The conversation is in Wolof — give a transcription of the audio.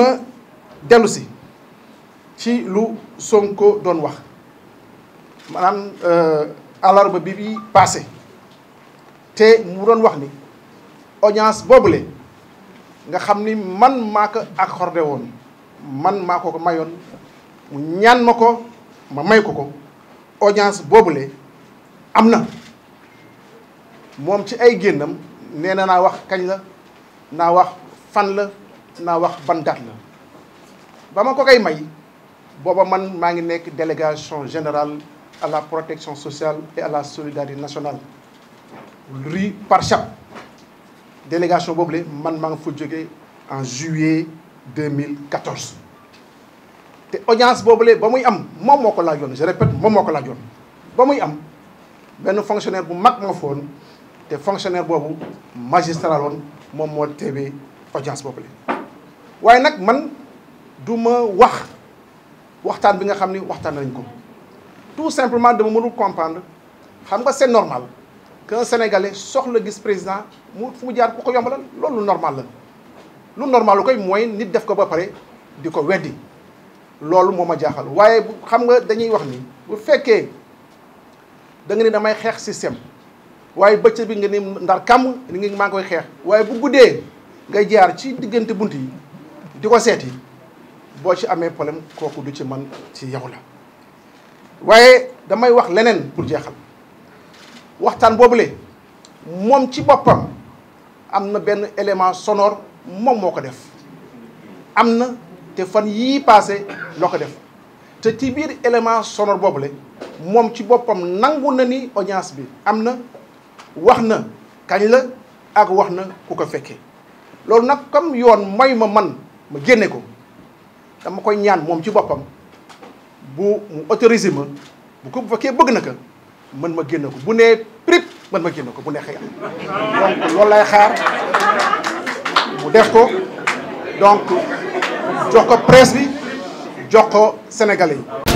ma dellu si ci lu Sonko doon wax maanaam euh, alarba bi bi passé te mu doon wax ni audience boobule nga xam ni man maa ko accordé woon man maa ko ko mayoon mu ñaan ma ko ma may ko ko audience boobule am na moom ci ay génnam nee na naa wax kañ la naa wax fan la na wax ban date la ba ko may booba man maa ngi délégation générale à la protection sociale et à la solidarité nationale ri par chap délégation Boblé, le man maa ngi en juillet 2014 té audience Boblé, ba muy am mom moko ko je répète mom moko ko laajoon ba am benn fonctionnaire bu mak mo foon té fonctionnaire bobu magistral woon moom moo audience Boblé. waaye nag man duma ma wax waxtaan bi nga xam ni waxtaan nañ ko tout simplement dama mënul comprendre xam nga c'est normal qu'un sénégalais soxla gis président mu fu mu jaar ku ko yombalal loolu normal la lu normal lu koy mooy nit def ko ba pare di ko weddi loolu moo ma jaaxal waaye xam nga dañuy wax ni bu fekkee da nga ni damay xeex système waaye bëccëg bi nga ni ndar kàmm ni ngi maa ngi koy xeex waaye bu guddee ngay jaar ci diggante bunt di ko seeti boo ci amee problème kooku du ci man ci yow la waaye damay wax leneen pour jeexal waxtaan boobu boobule moom ci boppam am na benn élément sonor moom moo ko def am na te fan yii passé loo ko def te ci biir sonor boobu boobule moom ci boppam nangu na ni audience bi am na wax na kañ la ak wax na ku ko fekkee loolu nag comme yoon mooy ma man ma génne ko dama koy ñaan moom ci boppam bu mu autorisé ma bu ko bu fekkee bëgg na ko mën ma génne ko bu nee prip mën ma génne ko bu neexee yàlla donc loolu lay xaar mu def ko donc jox ko presse bi jox ko sénégal yi.